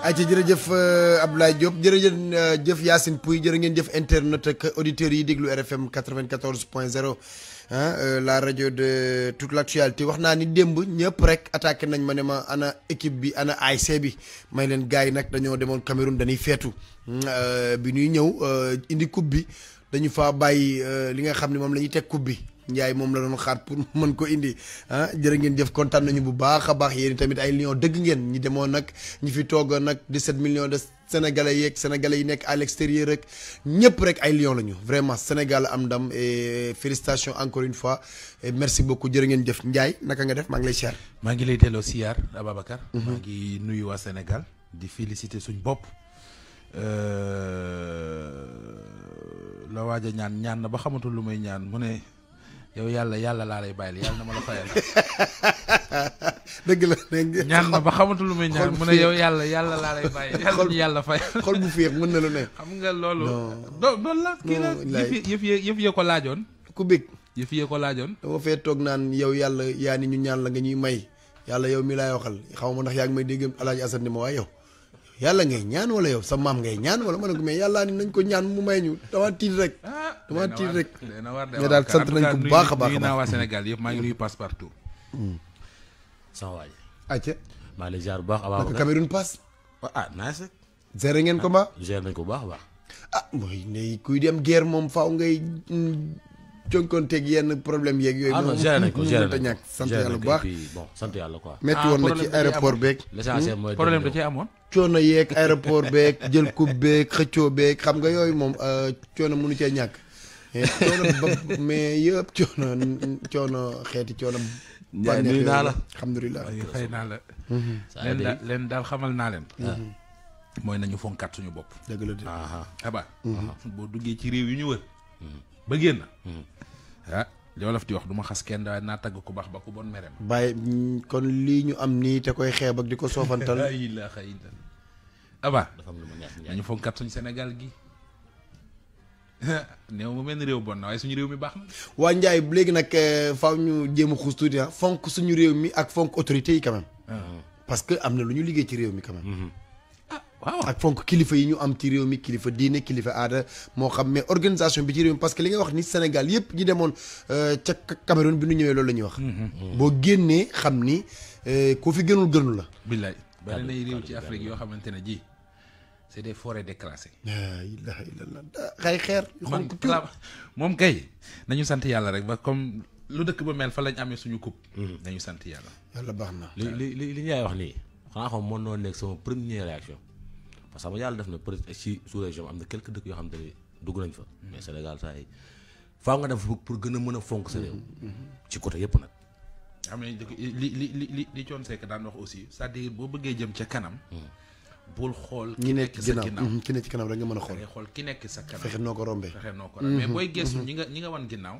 ayca jërëjëf euh, Abdoulaye Diop jërëjëf euh, Yacine Pouy jërë ngeen jëf internet ak auditeurs yi déglu RFM 94 point 0 ah la rajo de toute l'actualité wax naa ni démb ñëpp rek attaqué nañ ma ne ma ana équipe bi ana ASC bi may leen gars yi nag dañoo demoon Cameroun dañuy feetu hmm, euh, bi ñuy ñëw euh, indi coupe bi dañu faa bàyyi li nga xam ne moom la ñuy teg coupe bi Ndiaye moom la doon xaar pour mën ko indi ah jërë ngeen jëf kontaan nañu bu baax baax yéen tamit ay lion dëgg ngeen ñi demoon nag ñi fi toog nag 17 million de sénégalais yeeg sénégalais yi nekk à l'extérieur rek ñëpp rek ay lion lañu vraiment Sénégal am ndam et félicitations encore fois merci beaucoup jërë ngeen jëf Ndiaye naka nga def maa ngi lay siyaar. maa ngi lay delloo siyaar Ababacar. Mhm. maa ngi nuyu waa Sénégal di féliciter suñ bopp. Euh, la waaj a ñaan ñaan na ba xamatul lu may ñaan mu ne. yow yàlla yàlla laa lay bàyyil yàlla na ma la fayal. dëgg la dëgg ñaan na ba xamatu lu muy ñaan mu ne yow yàlla yàlla laa lay bàyyil yàlla yàlla xol bu féex mën na lu ne. xam nga loolu. la kii la yëf yëf ko laajoon. ku bég yëf yee ko laajoon. dama fee toog naan yow yàlla yaa ni ñu ñaan la nga ñuy may yàlla yow mi laay waxal xaw ma ndax yaa ngi may dégg Alaaji Asan ni ma waaye yow yàlla ngay ñaan wala yow sa maam ngay ñaan wala ma ne ko mais yàlla ni nañ ko ñaan mu may ñu dama tiit rek. Ah, dama tiit rek mais daal sant nañ ko bu baax a baax. nuyu naa waa Sénégal yëpp maa ngi nuyu passe partout. Hmm. sama waa ji. acca. maa ngi bu baax abaa. naka Cameroun passe. Ah, ah nice rek. gérer ko mbaa. Ah, gérer nañ bu baax a baax. ah mooy ne kuy dem guerre moom faaw ngay jonkonteeg yenn problème yeeg yooyu. ah non gérer nañ ko gérer ko ñàkk sant yàlla bu baax. Hmm? mooy problème da cee amoon. coono yeeg aéroport beek jël coupe beeg xëccoo beeg xam nga yooyu moom euh, coono munu cee ñàkk eh, coono ba mais yëpp coono coono xeeti coono. jaay nuyu naa la alhamdulilah xëy la. Mhm. leen daal xamal naa leen. Mhm. mooy nañu fonkat suñu bopp. dëgg la de aba. Ah, ah. mhm. boo duggee ci réew yu ñu wër. ba génn ah. li wolof di wax duma xas kenn daal naa tagg ku baax ba ku bon mere ma. kon lii ñu am nii te koy xeeb ak di ko soofantal. la ilaha illallah. abaa dafa am lu suñu Sénégal gi. néew mu mel ni réew bon na waaye suñu réew mi baax na. waa Ndiaye léegi nag eh, faaw ñu jéem a xuus tuuti ah, fonk suñu réew mi ak fonk autorité yi quand même. Ah. parce que am na lu ñu liggéey ci réew mi quand waaw ak fonk kilifa yi ñu am ci réew mi kilifa diine kilifa aada moo xam mais organisation bi ci réew mi parce que li nga wax ni Sénégal yëpp ñu demoon euh, ca Cameroun bi nu ñëwee loolu la ñuy wax. Mm-hmm. Mm-hmm. boo génnee xam ni euh, koo fi gënul gënu la. billaay bari nay réew ci Afrique yoo xamante ne ji c'est des forêts déclassées. laa ilaaha illallaah xay xeer. man moom kay nañu sant yàlla rek ba comme lu dëkk ba mel fa lañ amee suñu coupe. Mm-hmm. nañu sant yàlla. yàlla baax na li li li li Ndiaye wax nii xanaa xam mën noo nekk sama première parce que yàlla def na peut être si sous région am na quelques dëkk yoo xam ne dugg nañ fa. Mm-hmm. mais Sénégal saa yi faaw nga def pour gën a mën a fonk sa réew. Mm-hmm. ci côté yëpp nag. am nañ dëkk li li li li li Thione Seck daan wax aussi cest diir boo bëggee jëm ca kanam. Mm. bul xool ki nekk sa ginnaaw mhm, ki nekk ci kanam rek nga mën a xool ki nekk sa kanam fexe noo ko rombee mais mhm. booy geesu mhm. ñi nga wan ginnaaw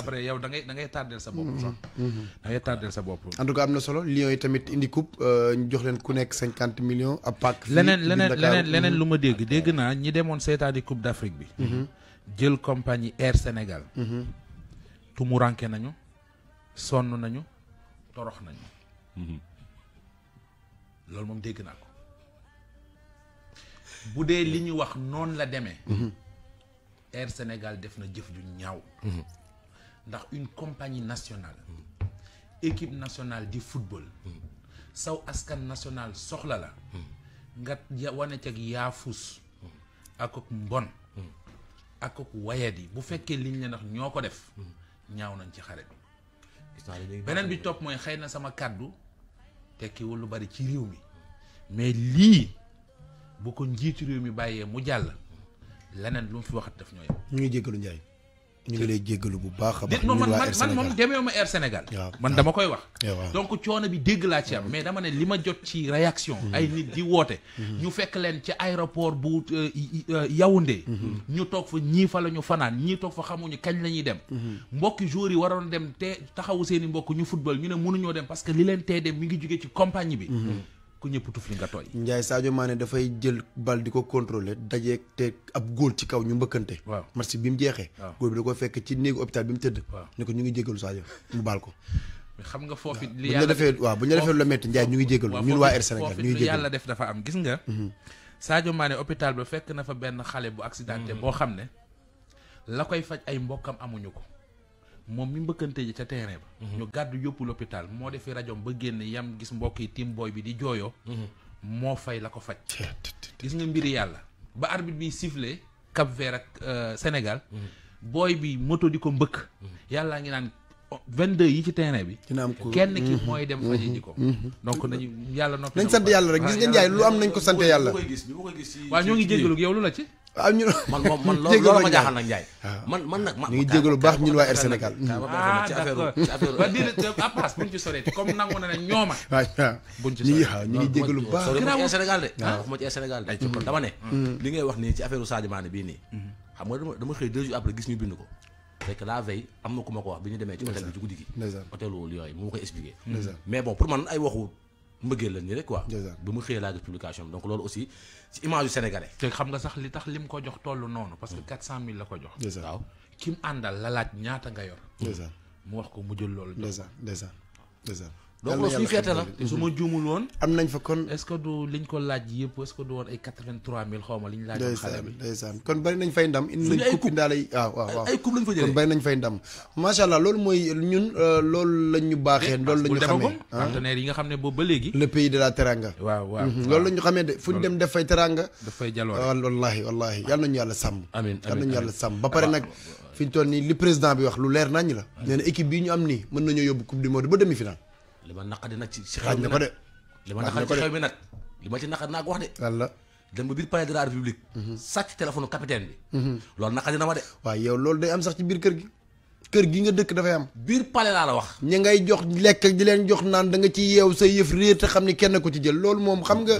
après yow da ngay sa bopp sax da ngay tardeel am na solo Lions yi tamit indi coupe euh, ñu jox leen ku nekk cinquante millions ab paak leneen leneen leneen leneen lu ma dégg dégg naa ñi demoon seetaani coupe d'Afrique bi jël compagnie Air Sénégal tumuranke nañu sonn nañu torox nañu loolu moom dégg naa ko bu dee li ñu wax noonu la demee Air Sénégal def na jëf ju ñaaw ndax une compagnie nationale équipe nationale di football saw askan national soxla la nga wane cag yaafus ak ak mbon ak ak wayat bu fekkee liñ leen ndax ñoo ko def ñaaw nañ ci xare bi beneen bi topp mooy xëy na sama kàddu tekkiwul lu bari ci réew mi mais lii bu ko njiitu réew mi bàyyee mu jàll leneen lu mu fi waxat daf ñoo yem. ñu ngi jéggalu Ndiaye. ñu ngi lay jéggalu bu baax a baax. man man man moom demeewu ma Air Sénégal. koy wax. Eh, donc coono bi dégg laa am. mais dama ne li ma jot ci réaction. Mm-hmm. ay nit di woote. Mm-hmm. ñu fekk leen ci aéroport bu euh, euh, Yaoundé. Mm-hmm. ñu toog fa ñii fa la ñu fanaan ñii toog fa xamuñu kañ la ñuy dem. mbokki joueurs yi waroon dem te taxawu seen i mbokk ñu football ñu ne mënuñoo dem parce que li leen tee dem mi ngi jógee ci compagnie bi. ku ñëpp tuf li nga tooy. Ndiaye Sadio Mané dafay jël bal di ko contrôler dajeeg te ab góor ci kaw ñu mbëkkante. waaw match bi mu jeexee. waaw góol bi da ko fekk ci néegu hôpital bi mu tëdd. waaw ne ko ñu ngi jégalu Sadio mu baal ko. xam nga foofu li yàlla defee waaw bu ñu defee lu la métti Ndiaye ñu ngi jégalu ñun waa Air Sénégal ñu ngi jégalu yàlla def dafa am gis nga. Mhm. Sadio Mané hôpital ba fekk na fa benn xale bu accidenté mhm. boo xam ne la koy faj ay mbokkam amuñu ko moom mi mbëkkante ji ca terrain ba mhm. ñu gàddu yóbbu l'hôpital moo defi rajom ba génn yam gis mbokk yi tim booy bi di jooyoo mhm. moo fay la ko faj gis nga mbiri yàlla ba arbitre bi sifflé Cap Vert euh, Sénégal mhm. booy bi moto di ko mbëkk yàllaa ngi naan vingt-deux yi ci terrain bi kenn ki mooy dem faje ji ko donc nañu yàlla noppi nañ sant yàlla rek gis nga Njaay lu am nañ ko sant yàlla waaw ñoo ngi jégalu yow lu la ci waaw ah, ñun man moom man loolu loolu ma jaaxal nag Ndiaye. Ah. man man nag ma. ñu ngi jégalu baax d' accord ci affaire ba ah, di na ne ñooma. baax. ma ci Air Sénégal de. waaw ma ci Air wax nii ci affaire Sadio bii nii. Mm-hmm. xam nga dama xëy deux jours après gis ñu bind ko. fekk la veille am na ku ma ko wax bi ñu demee ci hôtel bi ci guddi gi. hôtel wu yi mu ma koy expliqué. mais bon pour man ay waxu mbëggeel la nii rek quoi. bi mu xëyee laa publication donc loolu aussi ci image yu te xam nga sax li tax lim ko jox toll noonu. parce que 400000 mm. la ko jox. waaw ki mu àndal la laaj ñaata nga yor. mu wax ko mu jël loolu. ndeysaan ndeysaan ndeysaan loolu la su ma juumul woon. am nañ fa kon est-ce que du liñ ko laaj yëpp est-ce que du woon ay quatre-vingt-trois mille xaw ma liñ laaj. xale bi ndeysaan kon bari nañ fay ndam. indi nañ ay ndam. macha allah loolu mooy ñun euh, loolu lañ ñu baaxee. Eh, loolu la xamee ah. yi nga xam ne boobu ba léegi. le pays de la teranga. waaw waaw mhm, la ñu xamee de fu ñu dem def fay teranga. daf fay jaloore ah, wallaahi wallaahi yal nañu yàlla sàmm. amiin yal nañu yàlla sàmm ba pare ah, nag fi ñu toll nii li président bi wax lu leer nañ la nee na équipe bii ñu am nii mën nañoo yóbbu coupe du monde ba demi-finale li ma naqadi nag ci ci xew mi nag li ma naqadi ci xew mi nag li ma wax de walla dem ba biir palais de la sàcc téléphone capitaine bi loolu naqadi na ma de waaw yow loolu day am sax ci biir kër gi nga dëkk dafay am biir palais laa la wax ñi ngay jox lekk di leen jox naan da nga ci yeew sa yëf réer te xam ni kenn ko ci jël loolu moom xam nga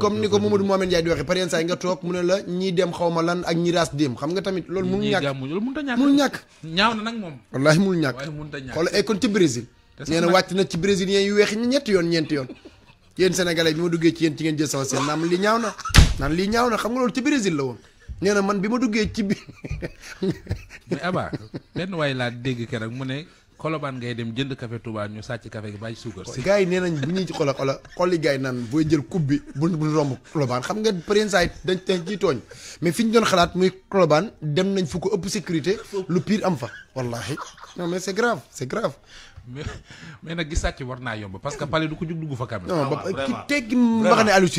comme ni ko Mamadou Mohamed Ndiaye di waxee par exemple nga toog mu ne la ñii dem xaw ma lan ak ñi raas dem xam nga nee na wàcc na ci brésilien yu weex ñi ñetti yoon ñeenti yoon yéen sénégalais bi ma duggee ci yéen ci ngeen jël sama seen naan lii ñaaw na naan lii ñaaw na xam nga loolu ci brésil la woon nee man bi ma duggee ci bi mais Aba benn waay laa dégg keroog mu ne kolobaan ngay dem jënd café Touba ñu sàcc café gi bàyyi suukar si gars yi nee nañ bu ñuy xola xola xolli gars yi naan booy jël coupe bi bu bu romb Colobane xam nga président dañ te ciy tooñ mais fi ñu doon xalaat muy Colobane dem nañ fu ko ëpp sécurité lu pire am fa wallahi non mais c'est grave c'est mais mais gis sàcc war naa yomb parce que palais du ko jug dugg fa quand même. non ah ba euh, ki teggi mbaxane Aliou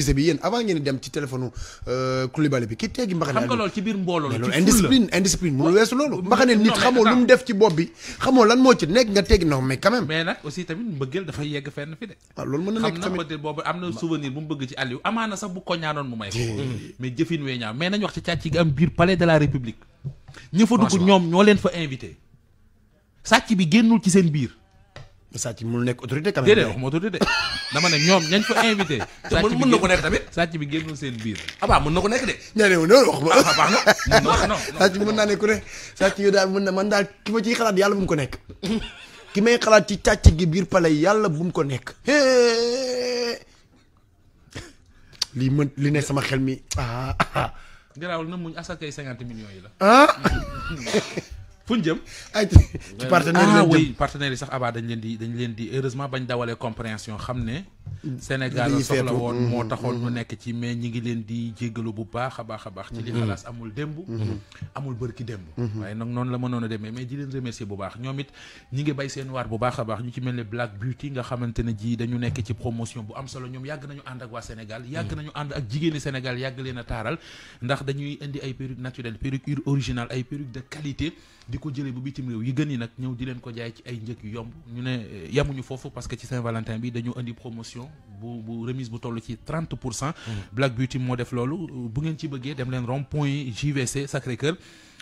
biir mbooloo la ci indiscipline indiscipline mu weesu loolu. mbaxane nit xamoo lu ah, na nekk tamit xam na boobu am na bëgg ci Aliou amaana sax bu ko ñaanoon mu may ko. mais jëfin république ñi fa dugg ñoom ñoo leen fa invité sàcc bi génnul ci seen biir te sàcc mënul nekk autorité quand même. déedéet waxuma autorité dama ne ñoom ñañ fa invité. ko nekk tamit. sàcc bi génnul seen biir. ah waaw mën na ko nekk de. ñaare wu noonu waxuma. ah baax na non non naa ne ku ne sàcc daal mën na man daal ki ma ciy xalaat yàlla bu ko nekk. ki may xalaat ci càcc gi biir pale yàlla bu ko nekk. lii mën li ne sama xel mi ah. ah, ah. garaawul na muñ asakay cinquante millions yi la. Ah! fu jëm. ay ci partenaires yi ah yi sax abaa dañ leen di dañ leen di heureusement bañ dawalee compréhension xam ne. Sénégal la soxla woon moo mm-hmm. taxoon ñu mm-hmm. nekk ci mais ñi ngi leen di jéggalu bu baax a baax a baax ci li mm-hmm. xalaas amul démb amul bërki démb waaye noonu la mënoon a demee mais di leen remercier bu baax ñoom it ñi ngi bay seen waar bu baax a baax ñu ci mel ne Black Beauty nga xamante ne ji dañu nekk ci promotion bu am solo ñoom yàgg nañu ànd ak waa Sénégal yàgg jigéeni Sénégal yàgg leen a taaral ndax dañuy indi ay perruque naturelle perruque originale ay perruque de qualité di ko jëlee bu bitim réew yi gën yi nag ñëw di leen ko jaay ci ay njëg contribution bu bu remise bu toll ci 30 pour cent. Black Beauty moo loolu bu ngeen ci bëggee dem leen rond point JVC Sacré Cœur.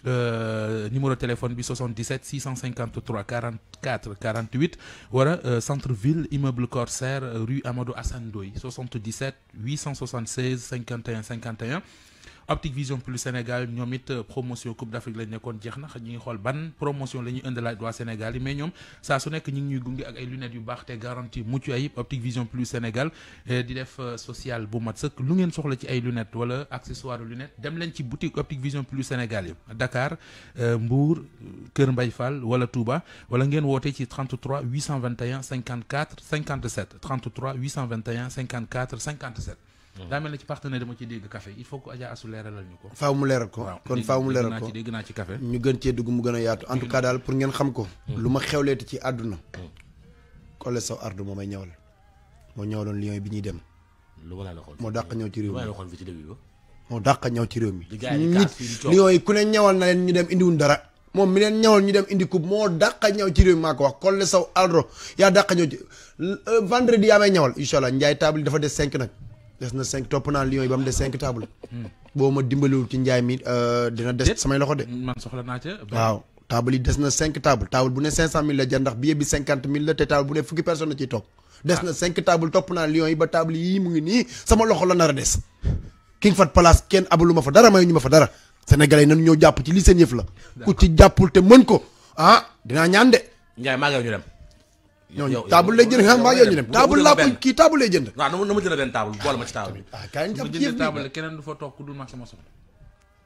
Euh, numéro téléphone bi 77 653 44 48 wala centre ville immeuble Corsaire euh, rue Amadou Assane Ndoye 77 Optic Vision plus Sénégal ñoom it euh, promotion Coupe d'Afrique lañ nekkoon jeex na ñu ngi xool ban promotion la ñuy ëndalaat waa Sénégal yi mais ñoom saa su nekk ñu ngi ñuy gunge ak ay lunettes yu baax te garantie mucc ayib Optic Vision plus Sénégal euh, di def euh, social bu mat sëkk lu ngeen soxla ci ay lunettes wala accessoire lunettes dem leen ci boutique Optic Vision plus Sénégal yi Dakar Mbour Kër Mbaye Fall wala Touba wala ngeen wootee ci 33 821 54 57 33 821 54 57. Mhm. daa mel ci partenaire dama ci dégg café il faut que Adja Assou leeralal ñu ko faaw mu leeral ko kon faaw mu leeral ko dégg naa ci café ñu gën cee dugg mu gën a yaatu en tout cas daal pour ngeen xam ko mhm. lu ma xewleeti ci àdduna mhm. Collé Sow Ardo moo may ñëwal moo ñëwaloon Lions bi ñuy dem lu wala moo dàq ñëw ci réew mi ci début ba moo dàq ñëw ci réew mi nit Lions ku ne ñëwal na leen ñu dem indiwuñ dara moom mi leen ñu dem indi coupe moo dàqa ñëw ci réew mi maa ko wax Collé Sow Ardo yaa dàqa ñëw ci euh, vendredi yaa may ñëwal incha njaay table dafa des cinq nag des na cinq topp naa Lions yi ba mu des cinq table boo ma dimbaliwul ci njaay mi euh, dina des samay loxo de. man soxla naa ca. waaw table yi des na cinq table taable bu ne cinq cent mille la jar ndax billet bi cinquante mille la te table bu ne fukki personne la toog. des na cinq table topp naa Lions yi ba table yii mu ngi nii sama loxo la nar a des. King Fahd Palace kenn abalu ma fa dara mayu ñu ma fa dara sénégalais yi nañu ñëw jàpp ci li seen yëf la. ku ci jàppul te mën ko ah dinaa ñaan de. maa ngi ñu ñooñu table lay jënd xam nga yow ñu dem laa ko kii table lay jënd waaw na ma jënd benn table boole ma ci table ah kaay jàpp jënd table keneen du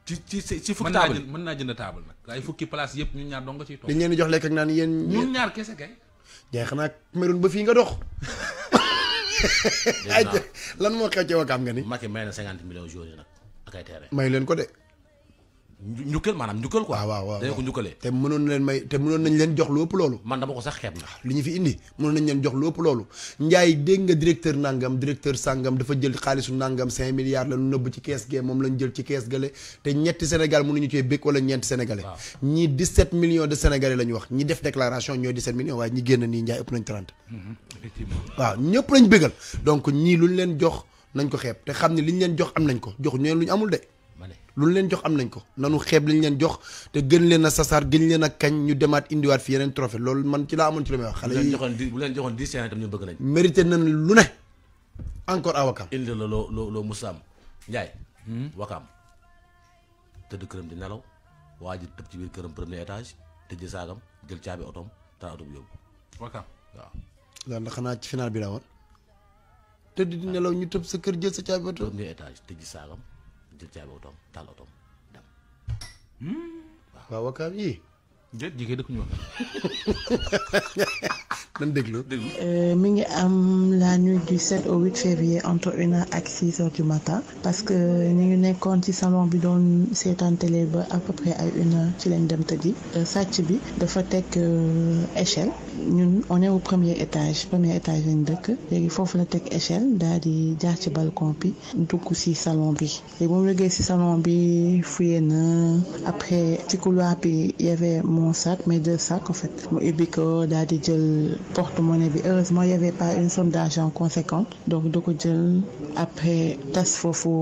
ci ci ci fukki table mën naa jënd table nag waaye fukki place yëpp ñun ñaar dong nga ciy toog dañ leen di jox lekk ak naan yéen ñun ñaar kese kay jaay xanaa meroon ba fii nga dox lan moo xew ci wakaam nga ni Macky may na cinquante millions jours yi nag ak may leen ko de njukkal maanaam njukkal quoi. Ah, waaw waaw dañoo te mënoon leen may te mënoon nañ leen jox lu ëpp loolu. man dama ko sax xeeb na. Ah, li ñu fi dégg nga directeur nangam directeur sangam dafa jël xaalisu nangam 5 milliards la nu nëbb ci kees gee moom lañ jël ci kees gale te ñetti Sénégal mënuñu cee békk wala ñeenti sénégalais. ñii 17 millions de sénégalais la ñu wax ñi def déclaration ñooy 17 millions waaye ñi génn nii Ndiaye ëpp nañ 30. Mm-hmm. effectivement waaw ñëpp lañ bégal donc ñii luñ leen jox nañ ko xeeb te xam ne liñ leen jox am nañ ko jox ñeen luñ amul de lu ñu leen jox am nañ ko nanu xeeb lañ leen jox te gën leen a sasaar gën leen a kañ ñu demaat indiwaat fi yeneen trophée loolu man ci laa amoon ci la may wax leen joxoon dix tam ñu bëgg nañ mérité lu ne encore à Wakam indi la loo loo loo musaam Ndiaye hmm? Wakam tëdd këram di nelaw waa ji tëb ci biir këram premier étage tëj saagam jël caabi otom taal oto bi yóbbu Wakam waaw laan da xanaa ci final bi daa woon tëdd di nelaw ñu tëb sa kër jël sa caabi oto premier étage tëj saagam jël caabi otoom taal otoom dem. Hmm? waaw waaw wakaam yii. jë jigéen dëkk ñu wax. nan euh, mi ngi am la nuit du 7 au 8 février entre une heure ak six heures du matin parce que ñu ngi nekkoon ci salon bi doon seetaan télé ba à peu près ay une heure ci lañ dem tëddi euh, sàcc bi dafa teg euh, échelle ñun on est premier étage premier étage lañ dëkk léegi foofu la teg échelle daal di jaar ci balcon bi dugg ci salon bi léegi moom liggéey ci salon bi fuyee na après ci couloir bi y avait mon sac mes deux sacs en fait mu ubbi ko daal di jël porte-monnaie bi heureusement il y avait pas une somme d'argent conséquente donc da ko jël après tas foofu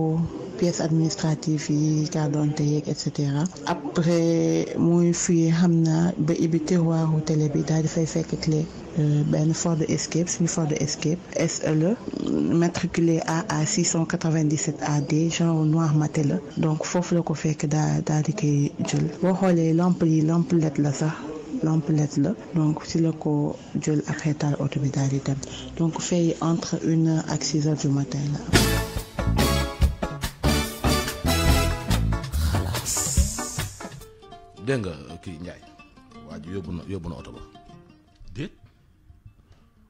pièces administratives yi carte d'identité yeeg et cetera après muy fii xam naa ba ibi tiroiru télé bi daal di fay fekk clé euh, benn Ford Escape suñu Ford Escape SE la matriculé AA 697 AD genre noir maté la donc foofu la ko fekk daa daal di koy jël boo xoolee lampe yi la sax lampalette la donc si la ko jël après taal oto bi daal di dem donc fay entre une ak six heures du la xalaas dégg nga kii Njaay waa yóbbu na yóbbu na oto ba déet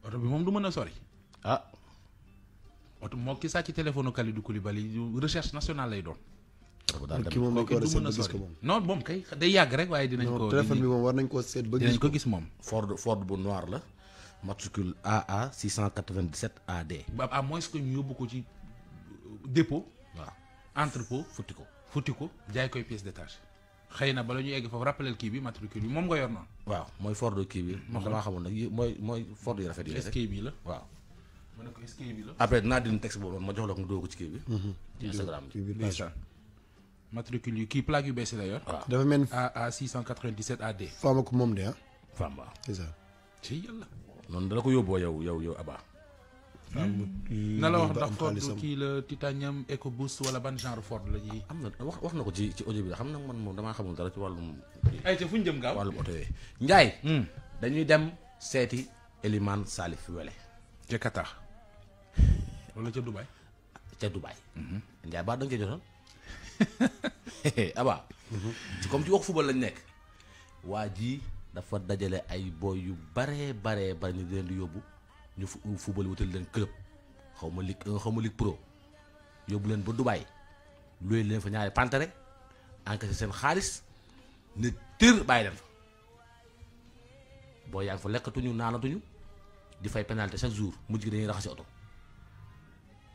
oto bi moom du mën a sori ah oto moo ki sàcc téléphone Kalidou Koulibaly recherche nationale lay doon ki moom ko war a seet ba gis ko moom non moom kay day yàgg rek waaye dinañ ko téléphone bi moom war nañ koo seet ba dinañ ko gis moom Ford Ford bu noir la matricule AA 697 AD ba à moins que ñu yóbbu ko ci dépôt waaw entrepôt futti ko futti ko jaay koy pièce détachée xëy na bala ñu egg foofu rappelel kii bi matricule bi moom nga yor noonu waaw mooy Ford kii bi moom damaa xamul nag mooy mooy Ford yu rafet yi SK la waaw ma après dinaa dindi texte boobu ma jox la ko nga doo ci matricule yu kii plaque yu bees yi la yor. waaw dafa mel ni AA 697 AD. Famba ko moom de ah. Famba c'est ça. ci yàlla. noonu dala ko yóbboo yow yow yow Aba. Hmm. na la wax ndax Ford kii la titanium EcoBoost wala ban genre Ford la ñuy. am na wax wax na ko ci ci audio bi xam na man moom damaa xamul dara ci wàllum. ay ca fu ñu jëm gaaw wàllum oto yooyu. Ndiaye. Hmm. dañuy dem seeti Elimane Salif Wele. ca Qatar. wala ca Dubaï. ca baax hmm. da nga cee jotoon. abaa comme ci wax football lañu nekk waa ji dafa dajale ay booy yu baree baree bare ni di leen di yóbbu ñu football wutal leen club xaw ma ligue un xaw ma ligue pro yóbbu leen ba Dubaay looy leen fa ñaari pantare encaissé seen xaalis ne tër bàyyi leen fa boo yaa fa lekkatuñu naanatuñu di fay pénalité chaque jour mujj gi dañuy raxasi oto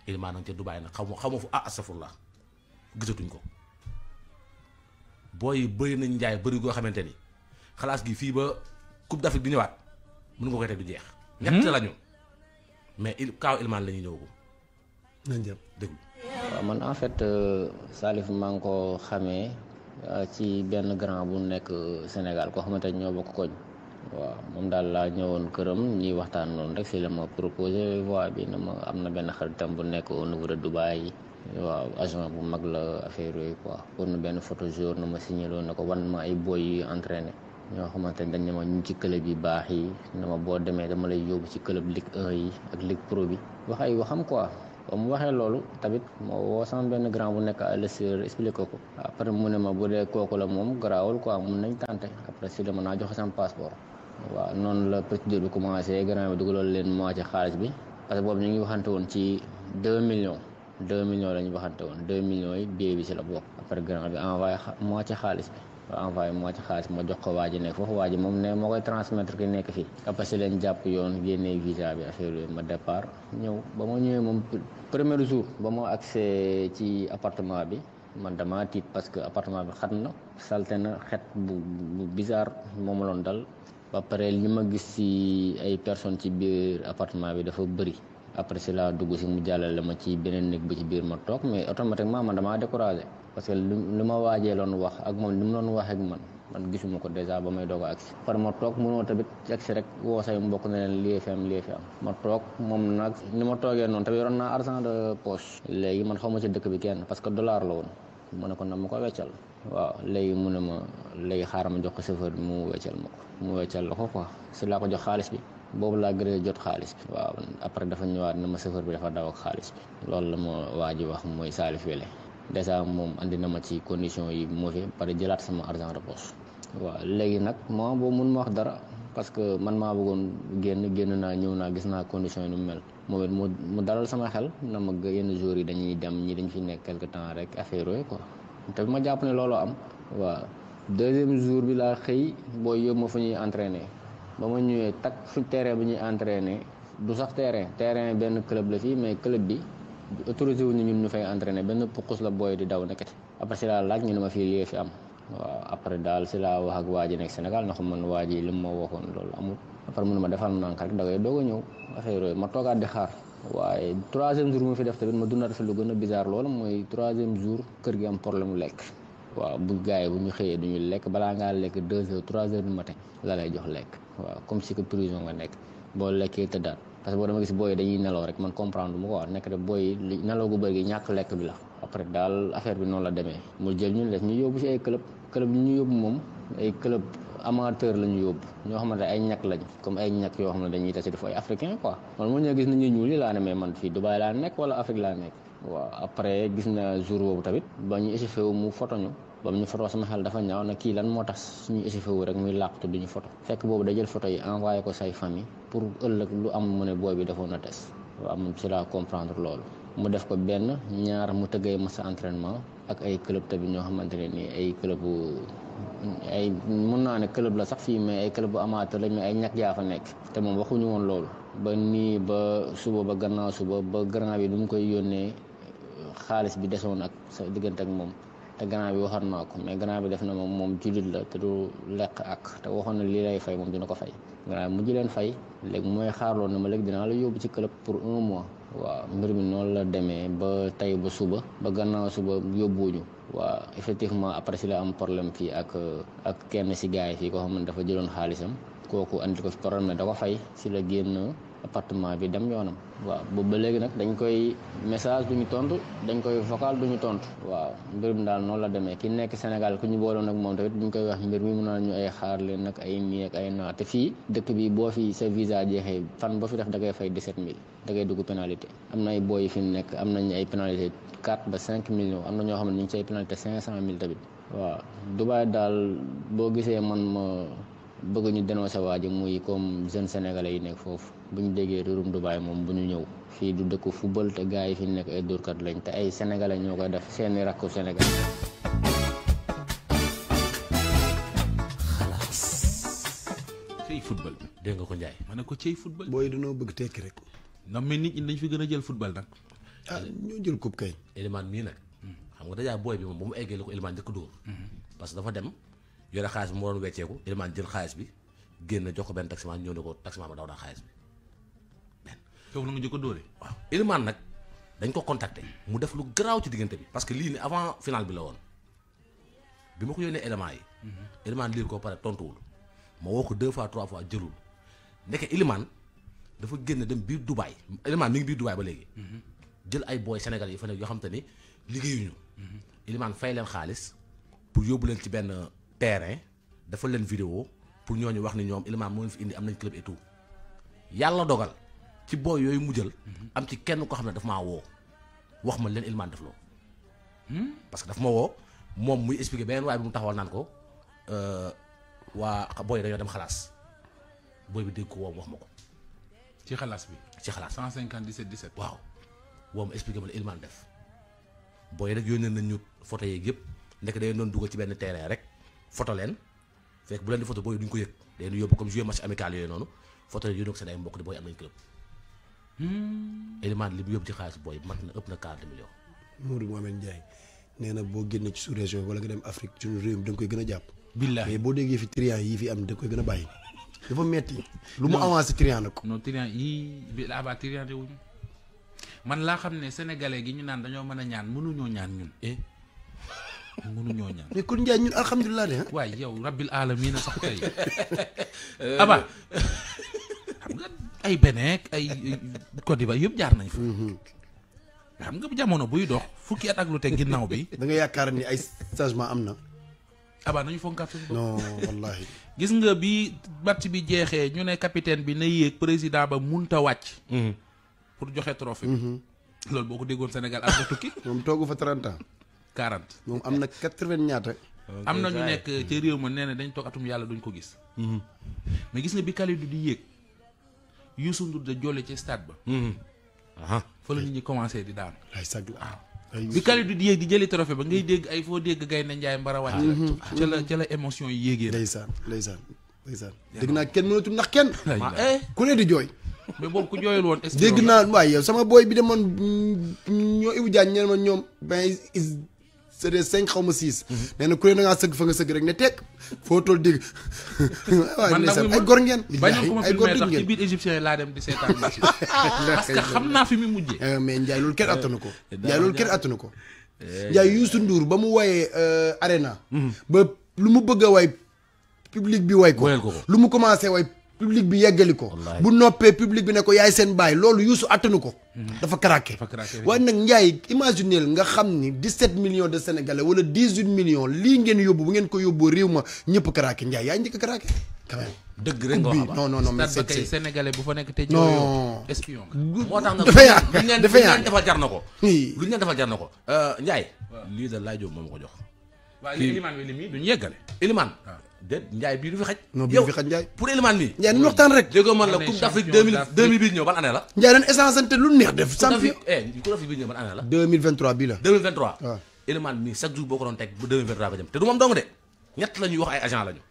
ilimaa ca Dubaay nag xaw ma xaw ma fu ah astafurlah gisatuñ ko booy bëri nañ njaay bëri goo xamante ni xalaas gi fii ba coupe d'Afrique bi ñëwaat mën nga koy teg du jeex. Hmm? ñett lañu mais il kaaw Ilmaan la ñuy ko. nañ jëm dégg man en fait euh, Salif maa ko xamee euh, ci benn grand bu nekk euh, Sénégal koo xamante ñoo bokk koñ. waaw moom daal laa ñëwoon këram ñuy waxtaan noonu rek fii la ma voie bi na ma am na benn xaritam bu nekk au niveau de Dubaï. waaw agent bu mag la affaire yooyu quoi pour na benn photo jour na ma signaloon na ko wan ma ay boy yu entraîné ñoo xamante ne dañ ne ma ñu ci club yi baax yi na ma boo demee dama lay yóbbu ci club Ligue 1 yi ak Ligue Pro bi wax ay waxam quoi ba mu waxee loolu tamit moo woo sama benn grand bu nekk à l'extérieur expliqué ko ko après mu ne ma bu dee kooku la moom garaawul quoi mun nañ tenter après si dama naa joxe sama passeport waaw noonu la procédure bi commencé grand dugaloon leen moo ci xaalis bi parce boobu ñu ngi waxante woon ci deux millions deux millions lañu waxante woon deux millions yi billet bi si la bokk après grand bi envoyé moitié xaalis bi waaw envoyé moo ci xaalis ma jox ko waa ji nekk foofu waa ji moom ne moo koy transmettre ki nekk fii après leen jàpp yoon génnee visa bi affaire yooyu ma départ ñëw ba ma ñëwee moom premier jour ba ma accès ci appartement bi man damaa tiit parce que appartement bi xat na salte na xet bu bu bizarre moo ma dal ba pare li ma gis ci ay personnes ci biir appartement bi dafa bëri après si laa dugg si mu jàllale ma ci beneen néeg ba ci biir ma toog mais automatiquement man damaa découragé parce que lu ma waajee loon wax ak moom li mu doon wax ak man man gisuma ko dèjà ba may doog a par ma toog mënoo tamit agsi rek woo say mbokk leen lii fi am lii ma toog moom nag ni ma toogee noonu tamit yoroon naa argent de poche léegi man xaw ma ci dëkk bi kenn parce que dollar la woon ma ne ko na ma ko weccal waaw léegi mu ne ma léegi xaaral ma jox ko chauffeur bi mu weccal ma ko la ko quoi si laa ko jox xaalis bi boobu laa gën jot xaalis bi waaw après dafa ñëwaat na ma chauffeur bi dafa daw ak xaalis bi loolu la ma waa ji wax mooy Salif Wele dèjà moom andi na ma ci condition yi mauvais pare jëlaat sama argent de poche waaw léegi nag moment boobu mun ma wax dara parce que man maa bëggoon génn génn naa ñëw naa gis naa condition yi mu mel moom it mu mu sama xel na ma yenn jours yi dañuy dem ñi dañu fi nekk quelque temps rek affaire yooyu ko te ma jàpp ne looloo am waaw deuxième jour bi laa xëy booy yóbbu ma fu ñuy entraîner ba ma ñëwee takk fu terrain bi ñuy entraîner du sax terrain terrain benn club la fii mais club bi autorisé wuñu ñun ñu fay entraîner benn pukus la booy di daw nekkati après si laa ma fii yee fi am waaw daal si laa wax ak waa ji nekk Sénégal na ko man waa ji li mu ma waxoon loolu amul après mun ma defal nànk rek da ngay doog a ñëw affaire ma toogaat di xaar waaye troisième jour mu fi def tamit ma dundaat fi lu gën a bizarre loolu mooy troisième jour kër gi am problème mu lekk waaw bu gars yi bu ñu xëyee duñu lekk balaa ngaa lekk deux heures trois heures du matin la jox lekk waaw comme si que prison nga nekk boo lekkee tëddaat parce que boo dama gis booy dañuy nelaw rek man comprendre mu ko waaw nekk de booy nelaw gu bëri gi ñàkk lekk bi la après daal affaire bi noonu la demee mu jël ñu def ñu yóbbu si ay club club ñu yóbbu moom ay club amateur la ñu yóbbu ñoo xamante ay ñàkk lañ comme ay ñàkk yoo xam ne dañuy tase waaw après gis na jour boobu tamit ba ñu échauffé wu mu foto ñu ba mu ñu photo sama xel dafa ñaaw na kii lan moo tax suñu échauffé wu rek muy làqtu duñu photo fekk boobu day jël foto yi envoyé ko say famille pour ëllëg lu am mu ne booy bi defoon a test waaw ci laa comprendre loolu mu def ko benn ñaar mu tëggee masa entraînement ak ay club tamit ñoo xamante ne nii ay club ay mun naa ne club la sax fii mais ay club bu amateur lañ ay ñàkk yaa fa nekk te moom waxuñu woon loolu ba nii ba suba ba gannaaw suba ba grand bi du mu koy yónnee xaalis bi desoon ak sa diggante ak moom te gannaaw bi waxoon naa ko mais gannaaw bi def na moom moom jullit la te du lekk ak te waxoon na lii lay fay moom dina ko fay gannaaw bi mujj leen fay léegi mooy xaarloon na ma léegi dinaa la yóbbu ci club pour un mois waaw mbir mi noonu la demee ba tey ba suba ba gannaaw suba yóbbuwuñu waaw effectivement après si la am problème fii ak ak kenn si gars yi fii ko xam ne dafa jëloon xaalisam kooku andi ko fi problème da ko fay si la génn appartement bi dem yoonam waaw boobu ba léegi nag dañ koy message duñu tontu dañ koy vocal duñu tontu waaw mbirum daal noonu la demee ki nekk Sénégal ku ñu booloon ak moom tamit buñ koy wax mbir mi mun naa ñu ay xaar leen nag ay mii ak ay dëkk bi boo fi sa jeexee fan boo fi def da ngay fay 17000 da ngay dugg pénalité am na ay booy yi mu nekk am nañu ay pénalité 4 ba 5 millions am na ñoo xam ne ñu ngi ci ay pénalité 500000 tamit waaw Dubaay daal boo gisee man ma bëgg ñu dénoncé waa ji muy comme jeune sénégalais yi nekk foofu buñ déggee turum Dubaay moom bu ñu ñëw fii du dëkku football te gars yi fi ñu nekk ay dóorkat lañ te ay sénégalais ñoo koy def seeni rakku Sénégal. xalaas. cey football bi dégg nga ko Ndiaye. ma ne ko cey football. booy dañoo bëgg tekki rek. non mais nit ñi dañ fi gën a jël futbal nag. ah ñoo jël coupe kay. Elimane mii nag. xam nga dèjà booy bi moom ba mu eggee la ko Elimane njëkk dóor. Mhm. parce que dafa dem yore xaalis bi mu doon wecceeku Elimane jël xaalis bi génn jox ko benn taximaan ñëw ne ko taximaan xaalis bi. foofu la mu jëkk a dóore waaw Elimane nag dañ ko contacter mu def lu garaaw ci diggante bi parce que lii ni avant final bi la woon bi ma ko yónnee élément yi Elimane mhm. liir ko pare tontuwul ma woo ko deux fois trois fois jëlul ndeke Elimane dafa génn dem biir Dubaay Elimane mi ngi biir Dubaay ba léegi mhm. jël ay booy Sénégal yi fa ne yoo xam ni liggéeyuñu Elimane mhm. fay leen xaalis pour yóbbu leen ci benn terrain dafa leen video pour ñoo ñu wax ni ñoom Elimane moo fi indi am nañ club et tout yàlla dogal ci booy yooyu mu jël. am ci kenn ko xam ne daf maa woo wax ma leen Elimane def loo hmm? parce que daf ma woo moom muy expliquer beneen waaye bi mu taxawal naan ko euh, waa booy dañoo dem xalaas booy bi dégg ko woo wax ma ko. ci xalaas bi. ci xalaas 157 17. waaw woo ma expliquer ma leen Elimane def booy rek yónnee nañ ñu photo yeeg yëpp nekk dañu doon dugal ci benn terrain rek photo leen fekk bu leen di photo booy duñ ko yëg dañu yóbbu comme jouer match amical yooyu noonu Elimane li mu yóbbu ci xaalis booy mat na ëpp na 40 millions. Modou Mohamed Ndiaye nee na boo génne ci sous région wala nga dem Afrique suñu réew mi da nga koy gën a jàpp. billahi mais boo déggee fi yi fi am da koy gën a bàyyi. dafa metti lu mu avancé triant na ko. non triant yii bi la abaa triant man laa xam ne sénégalais gi ñu naan dañoo mën a ñaan mënuñoo ñaan ñun. eh mënuñoo ñaan. mais kon Ndiaye ñun alhamdulilah de waaye yow rabbil alamin sax tey. Aba. Euh, ay Bénin ay Côte d'Ivoire yëpp jaar nañ fa. Mhm. xam nga jamono buy dox fukki at ak lu te ginnaaw bi. da nga yaakaar ni ay changement am na. abaa nañu fonkaat suñu bopp. non gis nga bi match bi jeexee ñu ne capitaine bi na président ba munta wàcc. Mhm. pour joxe trophée bi. Mhm. loolu boo ko déggoon Sénégal am tukki. moom toogu fa 30 ans. moom am na 80 ñaata. am na ñu nekk ci réew ma nee na dañ toog atum yàlla duñ ko gis. mais gis nga bi Kalidou di yéeg. Youssou Ndour da jolle ci stade ba. Hmm. fa la nit ñi commencé di daan. ay sag ah. bi Kalidou di yéeg di jëli trophée ba ngay dégg ay foo dégg Gaynde Njaay mbara wàcc la ah, ah. ca la ca la émotion yi yéegee. ndeysaan ndeysaan ndeysaan. dégg naa kenn mënatul ndax kenn. Eh? ku ne di jooy. mais boobu ku jooyul woon. est dégg naa waaye yow sama booy bi demoon mm, mm, ñoo Ibou Diagne ñeneen ma ñoom. c'est cinq xaw ma six. nee na ku ne da ngaa sëgg fa nga sëgg rek ne teg foo toll digg. ay gor ngeen. ay gor digg ngeen laa dem di seetaan xam naa fi mu mujjee. Eh, mais Ndiaye loolu kenn attanu ko. Eh, Ndiaye loolu kenn attanu ko. Ndiaye Youssou Ndour ba mu wayee euh, Arena. Hmm. ba lu mu bëgg a way public bi way ko. lu mu commencé way. public bi yeggali ko bu noppee public bi ne ko yaay seen baay loolu yuusu attanu ko mhm. dafa craqué waaye nag Ndiaye imaginel nga xam ni 17 millions de sénégalais wala 18 millions lii ngeen yóbbu bu ngeen ko yóbbu réew ma ñëpp craqué Ndiaye yaay njëkk a craqué quand même dëgg rek nga wax non non non mais c'est kay sénégalais te non espion moo tax nag dafa yaa na ko luñ leen na ko euh, Ndiaye lii da laajoo moom ko jox duñ yeggale Elimane ah. déet Ndiaye bii du fi xaj. non bii du fi xaj Ndiaye pour rek. déggoo man la Coupe d'Afrique deux mille deux mille bii ñëw la. Ndiaye dañu essence te lu neex def. champion eh Coupe d'Afrique bii ñëw ban la. deux mille vingt trois bii la. deux mille vingt trois waaw. Elimane mi chaque boo ko doon teg bu deux mille vingt trois ba jëm te du moom dong de ñett la ñuy wax ay agent la ñu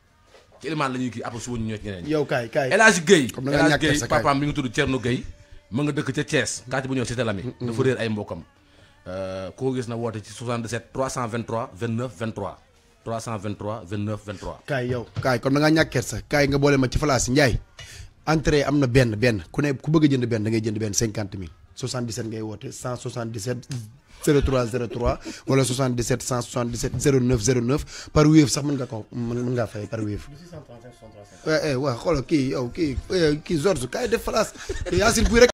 ci Elimane la ñuy kii après suba ñu ñëw ci ñeneen ñi. yow kaay kaay El Hadj Guèye. comme da ngaa ngi tudd Thierno Guèye ma nga 323 29 23. kaay yow kaay kon da ngaa ñàkk kaay nga boole ma ci falaas Ndiaye entrée am na benn benn ku ne ku bëgg jënd benn da jënd benn 50 000 77 ngay woote 177 03 03 wala 77 177 09 09 par Wave sax mën nga ko mën ngaa fay par Wave. 635 63 eh, eh, kii yow kii eh, kii kaay def falaas Yacine Pouy rek.